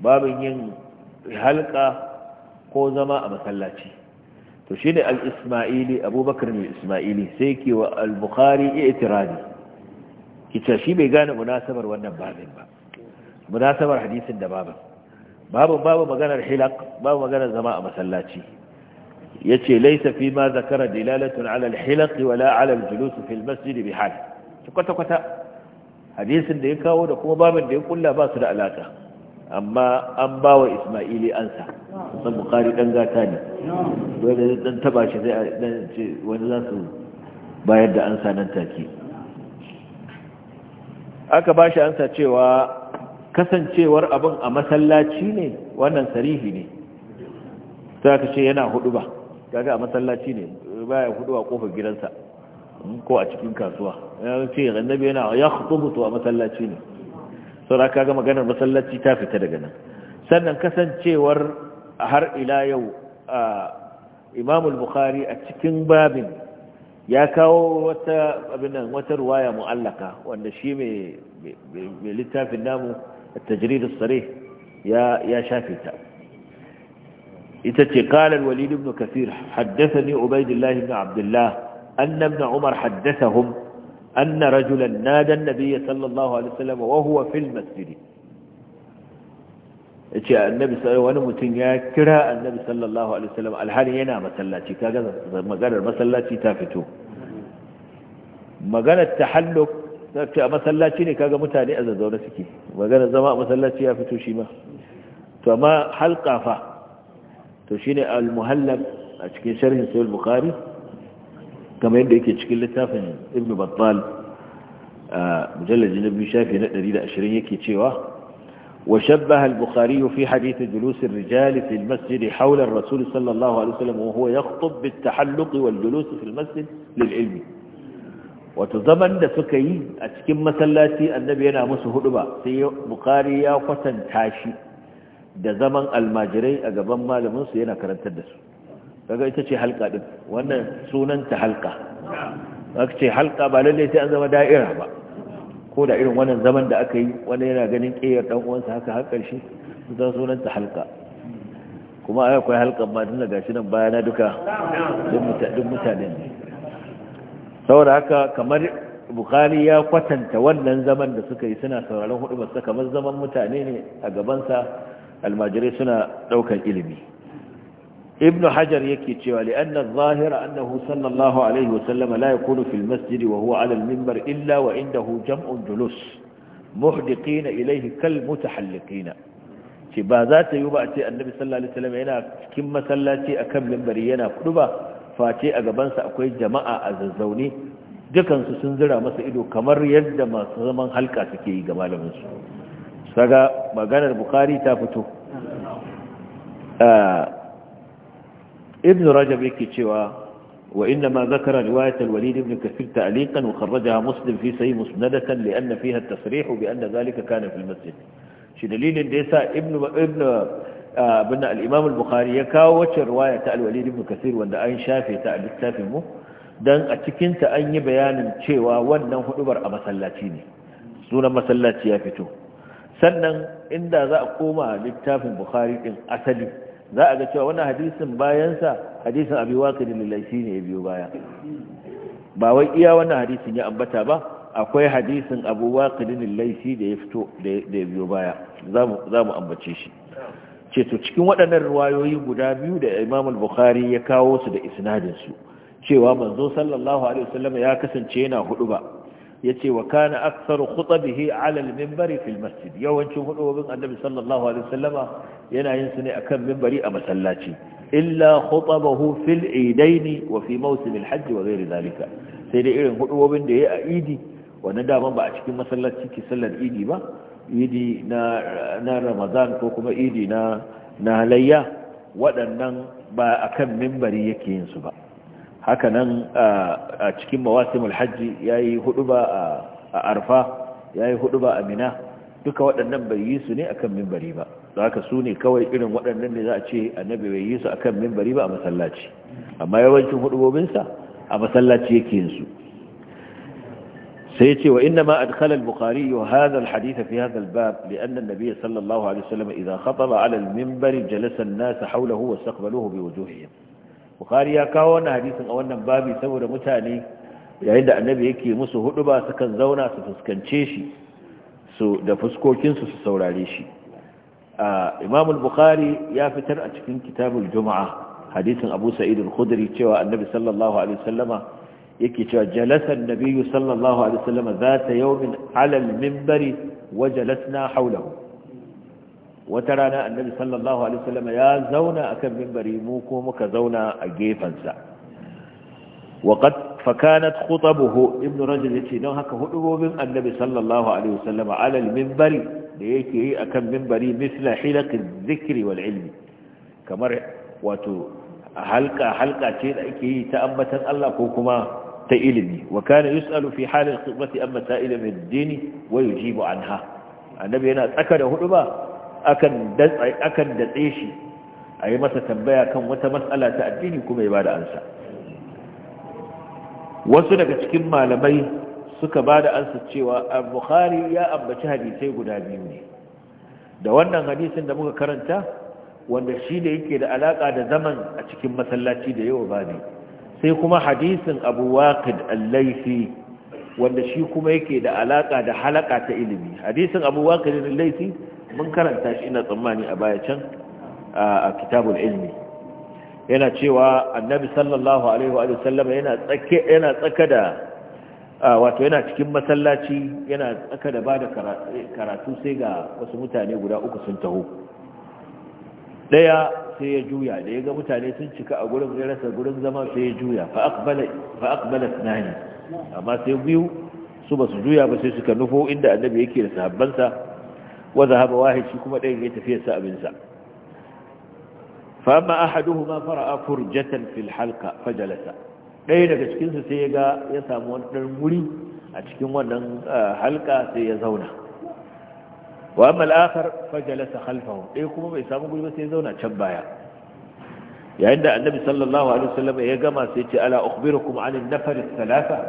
babin yin halka ko zama a masallaci to shine ne abubakar Mai ismaili sai ke wa al-bukhari i'tiradi kita shi bai gane munasabar wannan babin ba munasabar hadisin da babin babu maganar maganar zama a masallaci yace laysa fi ma zakara dilalatun alal al wala alal julusu julus fi masjid bi hal kwata kwata hadisin da ya kawo da kuma babin da ya kulla ba su da alaka amma an ba wa ismaili ansa san bukari dan gata ne wanda dan taba shi zai dan ce wani za su bayar da ansa nan take aka ba shi ansa cewa kasancewar abin a masallaci ne wannan sarihi ne sai ka ce yana hudu ba kaga a masallaci ne baya hudu a kofar gidansa ko a cikin kasuwa ya ce annabi yana ya khutubu to a masallaci ne saura ga maganar masallaci ta fita daga nan sannan kasancewar har ila yau imam al-bukhari a cikin babin ya kawo wata abinan wata ruwaya mu'allaka wanda shi mai littafin namu tajrid as-sarih ya ya shafe ta ita ce kalar al-walid ibn kathir haddathani ubaydillah na abdullah anna ibn umar haddathahum أن رجلا نادى النبي صلى الله عليه وسلم وهو في المسجد yace annabi wani mutum ya kira annabi sallallahu alaihi wasallam alhali yana masallaci kaga maganar masallaci ta fito maganar tahalluk sai a masallaci ne kaga mutane a zazzauna suke maganar zama a masallaci ya fito shi ma to amma halqa to shine al-muhallab a cikin sharhin sahih bukhari kamar yadda yake cikin littafin ibn battal a mujallaji na biyu shafi na 120 yake cewa وشبه البخاري في حديث جلوس الرجال في المسجد حول الرسول صلى الله عليه وسلم وهو يخطب بالتحلق والجلوس في المسجد للعلم وتزمن da suka yi a cikin masallaci annabi yana musu huduba sai bukhari ya kwatanta shi da zaman almajirai a gaban malamin su yana karantar da su kaga ita ce halka din wannan sunanta halka aka ce halka ba lallai sai an zama da'ira ba ko da irin wannan zaman da aka yi wanda yana ganin ƙeyar ɗan uwansa haka har ƙarshe zan sunanta halka kuma ai akwai halkan ma tun daga shi nan bayana duka duk mutane ne saboda haka kamar bukari ya kwatanta wannan zaman da suka yi suna sauraron hudu ba kamar zaman mutane ne a gabansa almajirai suna ɗaukar ilimi ibnu hajar yake cewa li'anna adh-dhahira annahu sallallahu alaihi wa sallam la yakunu fil masjid wa huwa 'ala al illa wa indahu jam'un julus muhdiqina ilayhi kal mutahalliqina ce ba za ta yi ba a ce annabi sallallahu alaihi wasallam yana cikin masallaci a kan minbari yana kudu ba face a gabansa akwai jama'a a zazzaune dukansu sun zira masa ido kamar yadda masu zaman halka suke yi ga malaminsu saga maganar bukari ta fito ah, ibn rajab yake cewa وإنما ذكر رواية الوليد بن كثير تعليقا وخرجها مسلم في سي مسندة لأن فيها التصريح بأن ذلك كان في المسجد شدليل ديسا ابن, ابن ابن الإمام البخاري يكاوة رواية الوليد بن كثير وأن أين شافي تعليق تافمه dan a cikinta an yi bayanin cewa wannan hudubar a masallaci ne sunan masallaci ya fito sannan inda za a koma littafin bukhari din asali za a ga cewa wannan hadisin bayansa hadisin abi da laifi ne ya biyo baya ba wai iya wannan hadisin ya ambata ba akwai hadisin abu waqidin da ya fito da ya biyo baya za mu ambace shi ce to cikin waɗannan ruwayoyi guda biyu da imam bukhari ya kawo su da isnadin su cewa manzo sallallahu alaihi wasallam ya kasance yana hudu ba ce wa kana aktharu khutbihi alal al-minbari fil masjid yawancin hudubin annabi sallallahu alaihi wasallama yana yin su ne akan minbari a masallaci illa khutbahu fil idaini wa fi mawsim al-hajj wa ghairi zalika sai dai irin hudubin da yayi a idi wannan dama ba a cikin masallaci ke sallar idi ba idi na na ramadan ko kuma idi na na waɗannan ba akan minbari yake yin su ba haka nan a cikin mawasimul hajji ya yi hudu ba a arfa ya yi hudu ba a mina duka waɗannan bai yi su ne akan mimbari ba za ka su ne kawai irin waɗannan ne za a ce annabi bai yi su akan mimbari ba a masallaci amma yawancin hudubobinsa a masallaci yake yin su fi وإنما أدخل البخاري هذا الحديث في هذا الباب لأن النبي صلى الله عليه وسلم إذا خطب على المنبر جلس الناس حوله واستقبلوه بوجوههم bukhari ya kawo wannan hadisin a wannan babi saboda mutane yayin da annabi yake musu hudu ba sukan zauna su fuskance shi su da fuskokinsu su saurare shi imamul bukari bukhari ya fitar a cikin kitabul juma'a hadisin abu sa'id khudri cewa annabi sallallahu alaihi yake cewa jalasar an-nabi sallallahu alaihi wasallama zata yawmin min alal mimbari wa jalasna haula. wata rana annabi sallallahu alaihi wasallam ya zauna akan minbari mu ko muka zauna a gefansa waqad fakanat khutabuhu ibn rajul yace don haka hudubobin annabi sallallahu alaihi wasallam ala minbari da yake yi akan minbari misla hilaq adh wal ilmi kamar wato halka halka ce da ake yi ta ambatan Allah ko kuma ta ilimi wa kana yusalu fi halil khutbati amma ta ilmi ad-din wa yujibu anha annabi yana tsaka da ba. akan datse shi a yi masa tambaya kan wata matsala ta addini kuma ya ba da ansa wasu daga cikin malamai suka ba da ansa cewa al-bukhari ya ambaci hadisai guda biyu ne da wannan hadisin da muka karanta wanda shi da yake da alaka da zaman a cikin masallaci da yawa ba ne sai kuma hadisin abu waqid al-laythi wanda shi kuma yake da alaka da halaka ta ilimi hadisin abu waqid al-laythi mun karanta shi ina tsammani a baya can a kitabul ilmi yana cewa annabi sallallahu alaihi wa sallam yana yana tsaka da wato yana cikin masallaci yana tsaka da bada karatu sai ga wasu mutane guda uku sun taho daya sai ya juya da ya ga mutane sun cika a gurin ya rasa gurin zama sai ya juya fa aqbala fa aqbala amma sai biyu su ba su juya ba sai suka nufo inda annabi yake da sahabbansa wa zahaba wahid shi kuma ɗayan ya tafi sa abin sa fa amma ahaduhuma fara'a furjatan daga cikin su sai ya ya samu wani dan muri a cikin wannan halqa sai ya zauna wa amma al-akhar fajalasa ɗaya kuma bai samu guri ba sai ya zauna can baya yayin da annabi sallallahu alaihi wasallam ya gama sai ce ala ukhbirukum anin nafar thalatha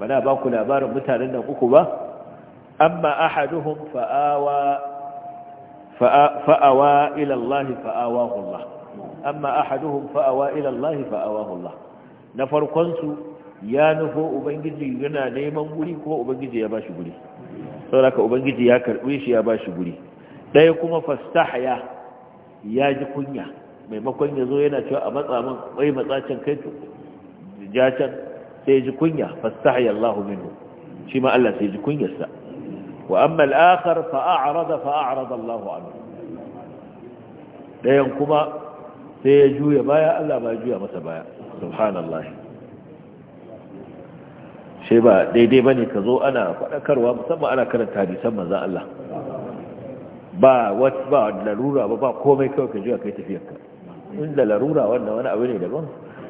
bana ba ku labarin mutanen da uku ba أما أحدهم فآوى فأوى إلى الله فآواه الله أما أحدهم فأوى إلى الله فآواه الله نفر قنسو يا نفو أبنجزي ينا نيما قولي كو ubangiji ya karbi shi ya ba shi guri ɗaya kuma fastahya ya ji kunya maimakon ya zo yana cewa a matsa man wai matsacin kai jacan sai ji kunya fastahya Allahu minhu shi ma Allah sai ji kunyarsa وأما الآخر فأعرض فأعرض الله عنه لا ينكما سيجوي بايا ألا ما يجوي متى بايا سبحان الله shi ba daidai bane ka zo ana faɗakarwa musamman ana karanta hadisan manzan Allah ba wata larura ba komai kawai ka jiya kai tafiyarka inda larura wanda wani abu ne daban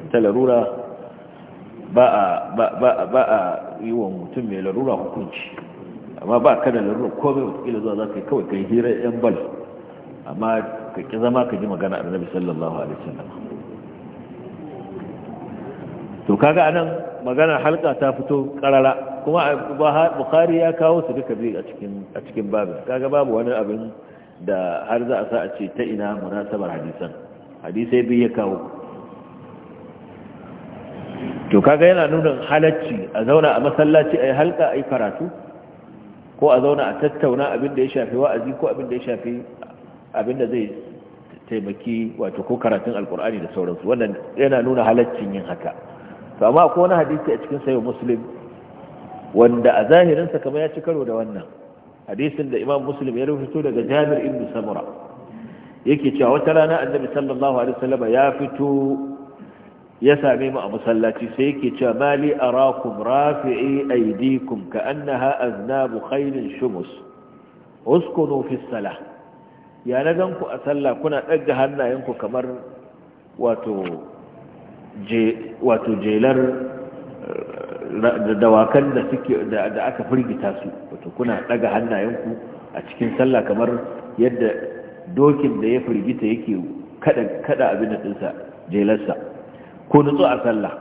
ta larura ba a yi wa mutum mai larura hukunci amma ba ka da larurar komai wataƙila zuwa za ka yi kawai ka yi hira yan bal amma ka ƙi zama ka ji magana annabi sallallahu alaihi wasallam to kaga anan maganar halka ta fito karara kuma bukhari ya kawo su duka biyu a cikin a cikin babin kaga babu wani abin da har za a sa a ce ta ina munasabar hadisan hadisai biyu ya kawo to kaga yana nuna halacci a zauna a masallaci a yi halka a yi karatu ko a zauna a tattauna abin da ya shafi wa'azi ko abin da ya shafi abin da zai taimaki wato ko karatun alkur'ani da sauransu wannan yana nuna halaccin yin haka to amma ko wani hadisi a cikin sayo muslim wanda a zahirinsa kamar ya ci karo da wannan hadisin da imam muslim ya rubuto daga jabir ibn samura yake cewa wata rana annabi sallallahu alaihi wasallam ya fito ya same mu a masallaci sai yake cewa mali arakum rafi'i aydikum ka annaha aznabu khairin shumus uskunu fi salah ya na a sallah kuna hannayen ku kamar wato jelar eh, dawakan da suke da aka firgita su wato kuna ɗaga ku a cikin sallah kamar yadda dokin da ya firgita yake kada abin da ɗinsa jelarsa Ko nutsu a sallah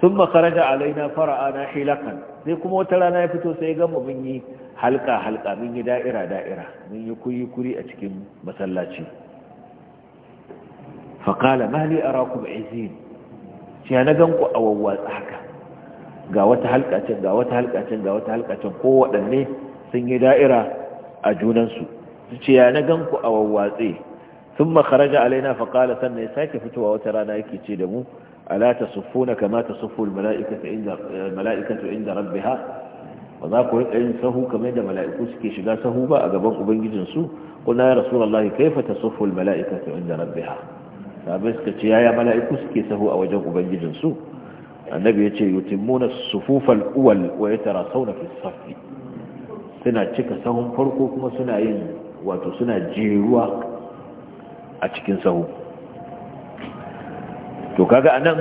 sun makaraja alaina na hilakan sai kuma wata rana ya fito sai gama mun yi halka halka mun yi da'ira da'ira mun yi kuri kuri a cikin masallaci faƙala mali a rakun izin shi na gan ku a wawwatsa haka ga wata halkacin ga wata halkacin ga wata halkacin ko waɗanne sun yi da'ira a junansu su ce ya na gan ku a wawwatsa sun makaraja alaina faƙala sannan ya sake fitowa wata rana yake ce da mu ألا تصفون كما تصف الملائكة عند, الملائكة عند ربها وذاك وإن سهو كما يدى ملائكة سكي شقا سهو با أقبان أبنجي جنسو قلنا يا رسول الله كيف تصف الملائكة عند ربها فأبسك يا ملائكة سكي سهو أوجان أبنجي جنسو النبي يتي يتمون الصفوف الأول ويتراصون في الصف سنة تشك سهم فرقوكم سنة ين وتسنة جيروا أتكين سهم to kaga anan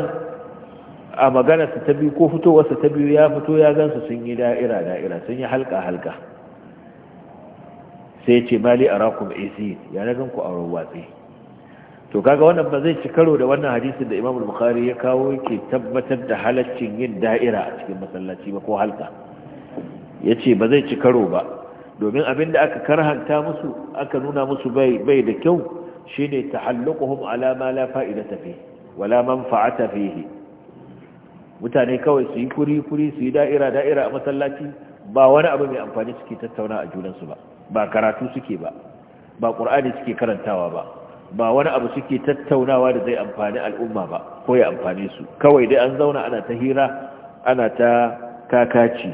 a magana su ta biyu ko fitowar su ta biyu ya fito ya gansu sun yi da'ira da'ira sun yi halka halka sai ce mali arakum isin ya na ku a watsi to kaga wannan ba zai ci karo da wannan hadisin da imamul bukari ya kawo yake tabbatar da halaccin yin da'ira a cikin masallaci ba ko halka yace ba zai ci karo ba domin abin da aka karhanta musu aka nuna musu bai da kyau shine tahalluquhum ala ma la ta fihi wala manfa'ata fihi mutane kawai su yi kuri-kuri su yi da'ira-da'ira a masallaci ba wani abu mai amfani suke tattauna a junansu ba ba karatu suke ba ba ƙur'ani suke karantawa ba ba wani abu suke tattaunawa da zai amfani al'umma ba ko ya amfane su kawai dai an zauna ana ta hira ana ta kakaci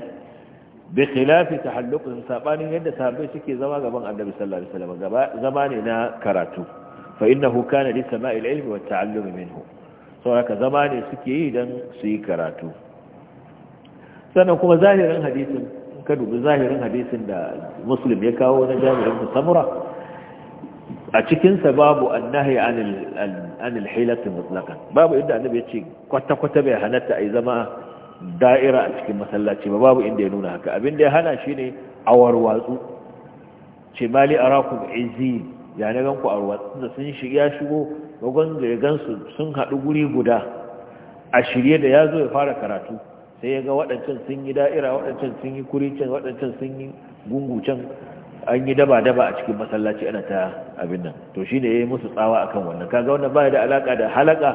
bi khilafi tahalluqin sabanin yadda sahabbai suke zama gaban annabi sallallahu alaihi wasallam zama ne na karatu fa innahu kana li sama'il ilmi wa ta'allumi minhu saboda zama ne suke yi idan su yi karatu sannan kuma zahirin hadisin ka dubi zahirin hadisin da muslim ya kawo na jami'in samura a cikinsa babu annahi anil hilati mutlaqan babu inda annabi ya ce kwata-kwata bai halatta ayi zama da'ira a cikin masallaci ba babu inda ya nuna haka abin da ya hana shi ne a warwatsu ce mali arakum izin ya na ganku a ruwa tunda sun shiga shigo dogon ya gansu sun haɗu guri guda a shirye da ya zo ya fara karatu sai ya ga waɗancan sun yi da'ira waɗancan sun yi kuricin waɗancan sun yi gungucen an yi daba-daba a cikin masallaci ana ta abin nan to shi ne ya yi musu tsawa a kan wannan kaga wannan baya da alaka da halaka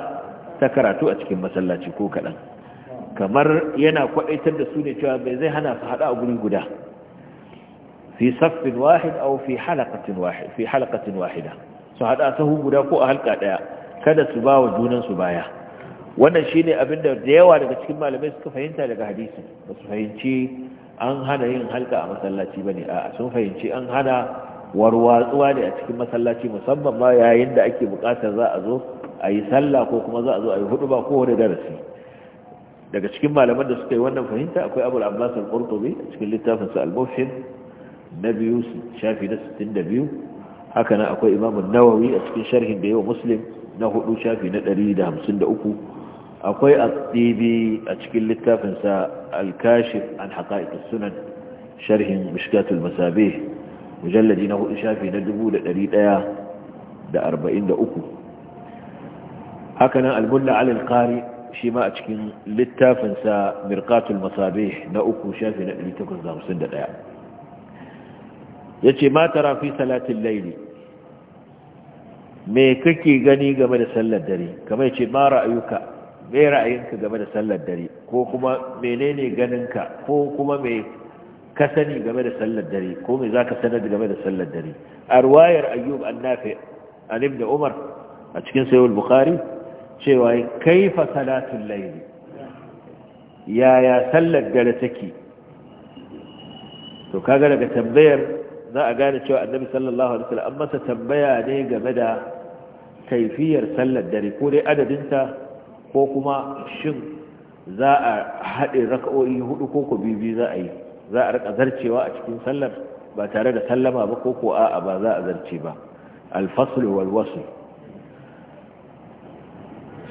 ta karatu a cikin masallaci ko kaɗan kamar yana kwaɗaitar da su ne cewa bai zai hana su haɗa a guri guda fi saffin wahid aw fi halaqatin wahid fi halaqatin wahida su hada sahu guda ko a halka daya kada su ba wa junan su baya wannan shine abin da da yawa daga cikin malamai suka fahimta daga hadisi ba su fahimci an hana yin halka a masallaci bane a sun fahimci an hana warwatsuwa ne a cikin masallaci musamman ma yayin da ake bukatar za a zo a yi sallah ko kuma za a zo a yi hudu ba ko wani darasi daga cikin malaman da suka yi wannan fahimta akwai abul abbas al-qurtubi cikin littafin sa al-mufhim na biyu shafi na 62 haka nan akwai imamun nawawi a cikin sharhin da yawa muslim na hudu shafi na 153 akwai at-tibi a cikin littafinsa al an haqa'iq as-sunan sharhin mishkatul masabih mujallaji na hudu shafi na 1143 haka nan al-mulla al shi ma a cikin littafinsa mirqatul masabih na uku shafi na 851 ya ce ma tara fi salatin laili me kake gani game da sallar dare kamar ya ce ma ra'ayuka me ra'ayinka game da sallar dare ko kuma menene ganinka ko kuma me ka sani game da sallar dare ko me za ka sanar game da sallar dare a ruwayar ayyub annafi an ibn umar a cikin sayyid bukari cewa kaifa salatin laili yaya sallar dare take to kaga daga tambayar za a gane cewa annabi sallallahu alaihi wasallam an masa tambaya ne game da kaifiyar sallar dare ko dai adadinta ko kuma shin za a haɗe raka'o'i hudu ko ko bibi za a yi za a rika zarcewa a cikin sallar ba tare da sallama ba ko ko a'a ba za a zarce ba al-fasl wal wasl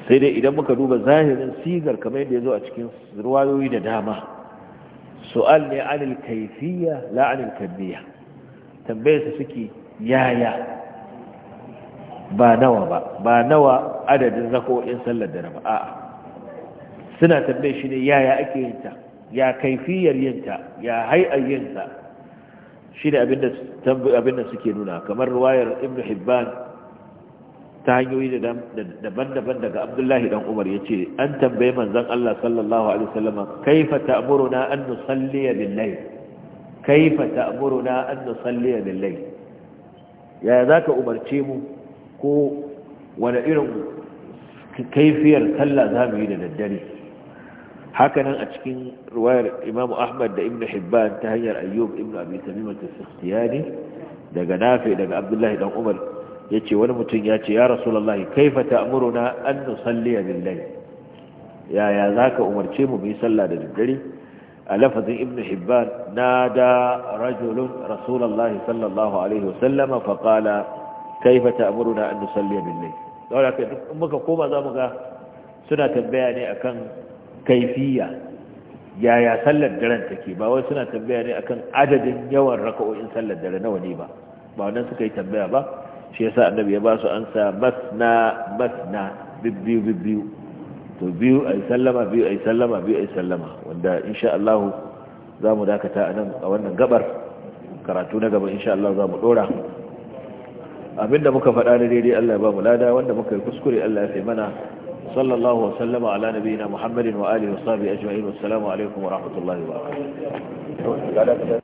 sai dai idan muka duba zahirin sigar kamar yadda ya zo a cikin ruwayoyi da dama su'al ne anil kaifiyya la anil kamiyya tambayarsa suke yaya ba nawa ba ba nawa adadin zako'in sallar da ba a'a suna tambayar shi ne yaya ake yinta ya kaifiyar yin ya hai'ar yin shi ne abin da suke nuna kamar ruwayar ibn hibban ta hanyoyi daban-daban daga abdullahi dan umar ya ce an tambaye manzan allah sallallahu alaihi wasallama kaifa ta'muruna an nusalliya bil laif kaifa ta'muruna an nusalli bil layl ya zaka umarce mu ko wani irin kaifiyar sallah za mu yi da daddare hakanan a cikin ruwayar imamu ahmad da ibn hibban ta hanyar ayyub ibn abi tamim al-sakhtiyani daga nafi daga abdullahi dan umar yace wani mutum ya ce ya rasulallah kaifa ta'muruna an nusalli yaya zaka umarce mu mu yi sallah da daddare لفظ ابن حبان نادى رجل رسول الله صلى الله عليه وسلم فقال كيف تأمرنا أن نصلي بالليل ولكن أمك قوم أمك سنة تنبيعني أكن كيفية يا يا صلى الدرن تكيبا وسنة تنبيعني أكن عدد يوان ركعوا إن صلى الدرن ونيبا ما ننسك يتنبيع با شيء يسأل النبي يباسو أنسى مثنى مثنى ببيو ببيو to biyu a sallama biyu a sallama biyu a sallama wanda insha Allah za mu dakata a nan a wannan gabar karatu na gaba insha Allah za mu dora abinda muka faɗa na daidai Allah ya ba mu lada wanda muka yi kuskure Allah ya fi mana sallallahu wa sallama ala nabiyina Muhammadin wa alihi wa sahbihi ajma'in wassalamu alaikum wa rahmatullahi wa barakatuh